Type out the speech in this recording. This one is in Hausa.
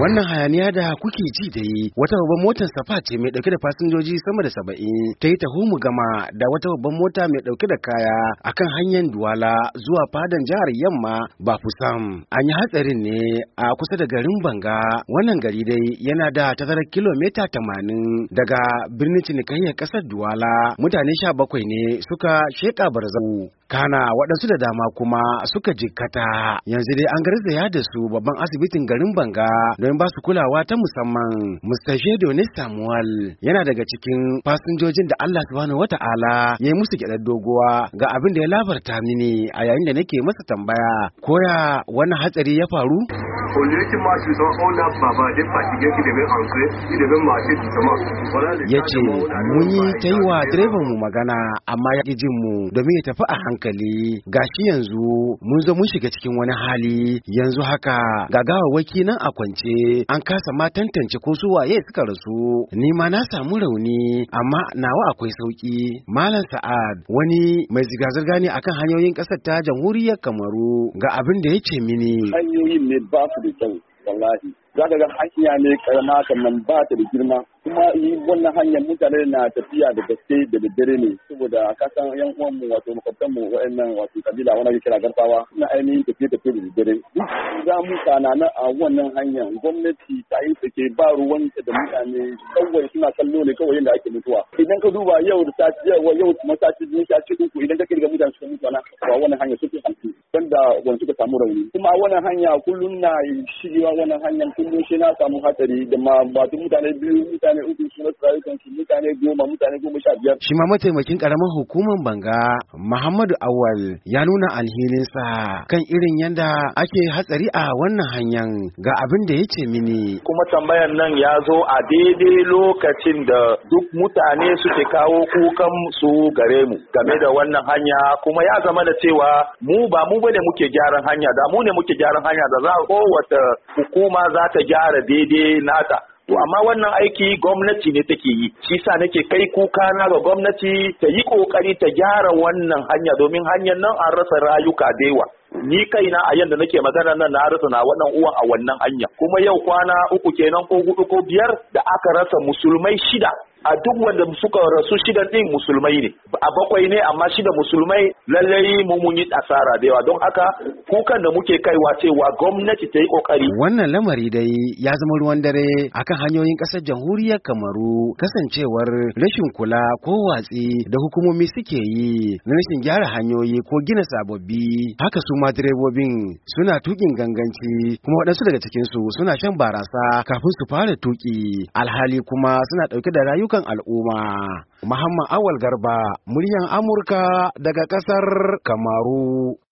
Wannan hayaniya da kuke ji da yi wata babban motar safa ce mai dauke da fasinjoji sama da saba'in ta yi tahumu gama da wata babban mota mai dauke da kaya akan hanyar Duwala zuwa fadan jihar Yamma ba Fusam. An yi hatsarin ne a kusa da garin Banga wannan gari dai yana da tazarar kilomita tamanin daga birnin cinikayyar kasar Duwala mutane sha bakwai ne suka sheka barzau. kana waɗansu da dama kuma suka jikkata yanzu dai an garzaya da su babban asibitin garin banga don ba su kulawa ta musamman mr shedo samuel yana daga cikin fasinjojin da allah subhanahu wata'ala ya yi musu gyaɗar doguwa ga abin da ya labarta mini a yayin da nake masa tambaya koya wani hatsari ya faru ya ce mun yi ta yi wa direban mu magana amma ya jin mu domin ya tafi a hankali gashi yanzu mun zo mun shiga cikin wani hali yanzu haka ga waki nan a kwance an kasa ma tantance ko su waye suka rasu ni ma na samu rauni amma nawa akwai sauki malam sa'ad wani mai zirga-zirga ne akan hanyoyin ƙasar ta jamhuriyar kamaru ga abin da ya ce mini hanyoyin ne ba su 扔扔垃圾。za ka ga hanya ne karama sannan ba ta da girma kuma yi wannan hanyar mutane na tafiya da gaske da daddare ne saboda ka san yan uwanmu wato makwabtan mu wa'annan wato kabila wanda ke kira garbawa suna ainihin tafiye tafiye da daddare duk za mu na a wannan hanyar gwamnati ta yi take ba ruwanta da mutane kawai suna kallo ne kawai yadda ake mutuwa idan ka duba yau da sati yau kuma sati biyu sati uku idan ka kirga mutane suka mutu na a wannan hanyar suke hamsin wanda wani suka samu rauni kuma wannan hanya kullum na shigewa wannan hanyar mu shi na samu hatsari da ma batun mutane biyu mutane uku su na su mutane goma mutane goma sha biyar. Shi ma mataimakin karamar hukumar Banga Muhammadu Awal ya nuna alhininsa kan irin yanda ake hatsari a wannan hanyar ga abin da ya mini. Kuma tambayar nan ya zo a daidai lokacin da duk mutane suke kawo kukan su gare mu game da wannan hanya kuma ya zama da cewa mu ba mu bane muke gyaran hanya da mu ne muke gyaran hanya da za kowace hukuma za ta ta gyara daidai nata To amma wannan aiki gwamnati ne take yi, shi sa nake kai kuka na ga gwamnati ta yi kokari ta gyara wannan hanya domin hanyar nan an rasa rayuka da yawa. ni na, a yanda nake magana nan na rasa na wannan uwan a wannan hanya kuma yau kwana uku kenan ko hudu ko biyar da aka rasa musulmai shida a duk wanda suka rasu shida din musulmai ne a bakwai ne amma shida musulmai lallai mu mun yi asara da yawa don haka kukan da muke kaiwa cewa gwamnati ta yi kokari wannan lamari dai ya zama ruwan dare akan hanyoyin ƙasar jamhuriyar kamaru kasancewar rashin kula ko watsi da hukumomi suke yi na rashin gyara hanyoyi ko gina sababbi haka su ma direbobin suna tukin ganganci kuma waɗansu daga cikin su suna shan barasa kafin su fara tuki alhali kuma suna ɗauke da rayukan al'umma Muhammad Awal Garba, muryan Amurka daga ƙasar Kamaru.